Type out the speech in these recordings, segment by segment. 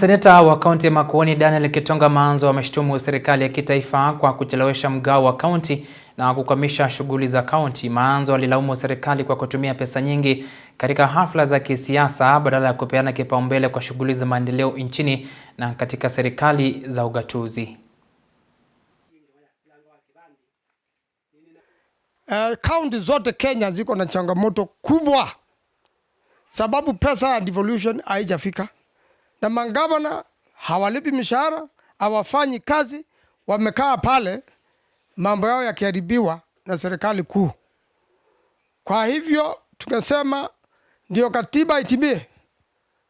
Seneta wa kaunti ya Makueni Daniel Kitonga Maanzo ameshtumu serikali ya kitaifa kwa kuchelewesha mgao wa kaunti na kukwamisha shughuli za kaunti. Maanzo alilaumu serikali kwa kutumia pesa nyingi katika hafla za kisiasa badala ya kupeana kipaumbele kwa shughuli za maendeleo nchini na katika serikali za ugatuzi. Eh, kaunti zote Kenya ziko na changamoto kubwa sababu pesa ya devolution haijafika na mangavana hawalipi mishahara, hawafanyi kazi, wamekaa pale, mambo yao yakiharibiwa na serikali kuu. Kwa hivyo tukasema ndio katiba itimie,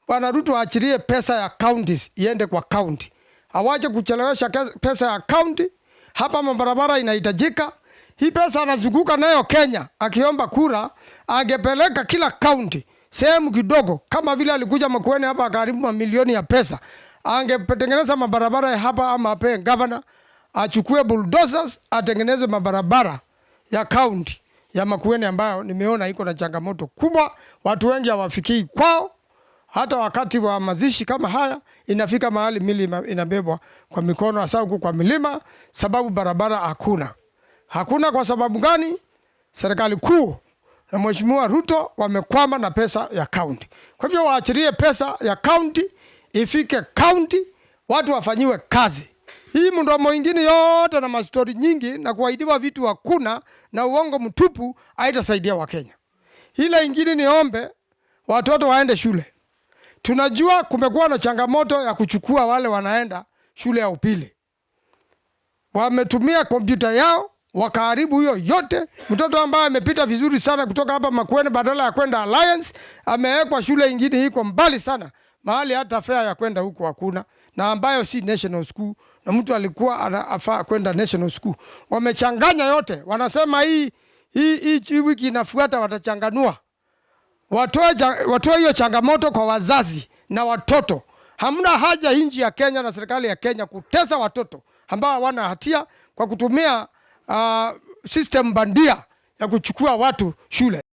Bwana Ruto aachilie pesa ya kaunti iende kwa kaunti, awache kuchelewesha pesa ya kaunti. Hapa mabarabara inahitajika hii pesa, anazunguka nayo Kenya akiomba kura, angepeleka kila kaunti sehemu kidogo, kama vile alikuja Makueni hapa akaharibu mamilioni ya pesa, angetengeneza mabarabara hapa, ama ape governor achukue bulldozers atengeneze mabarabara ya kaunti ya Makueni ambayo nimeona iko na changamoto kubwa, watu wengi hawafikii kwao hata wakati wa mazishi kama haya, inafika mahali mili inabebwa kwa mikono, hasa huku kwa milima, sababu barabara hakuna. Hakuna kwa sababu gani? Serikali kuu na eh, Mheshimiwa Ruto wamekwama na pesa ya kaunti. Kwa hivyo waachilie pesa ya kaunti ifike kaunti, watu wafanyiwe kazi. Hii mdomo ingine yote na mastori nyingi na kuahidiwa vitu hakuna na uongo mtupu haitasaidia Wakenya. ila ingine niombe watoto waende shule. Tunajua kumekuwa na changamoto ya kuchukua wale wanaenda shule ya upili, wametumia kompyuta yao wakaharibu hiyo yote. Mtoto ambaye amepita vizuri sana kutoka hapa Makueni, badala ya kwenda Alliance amewekwa shule ingine iko mbali sana, mahali hata fea ya kwenda huko hakuna, na ambayo si national school, na mtu alikuwa anafaa kwenda national school. Wamechanganya yote, wanasema hii hii hii, hii wiki inafuata watachanganua, watoe watoe hiyo changamoto kwa wazazi na watoto. Hamna haja nchi ya Kenya na serikali ya Kenya kutesa watoto ambao hawana hatia kwa kutumia uh, system bandia ya kuchukua watu shule.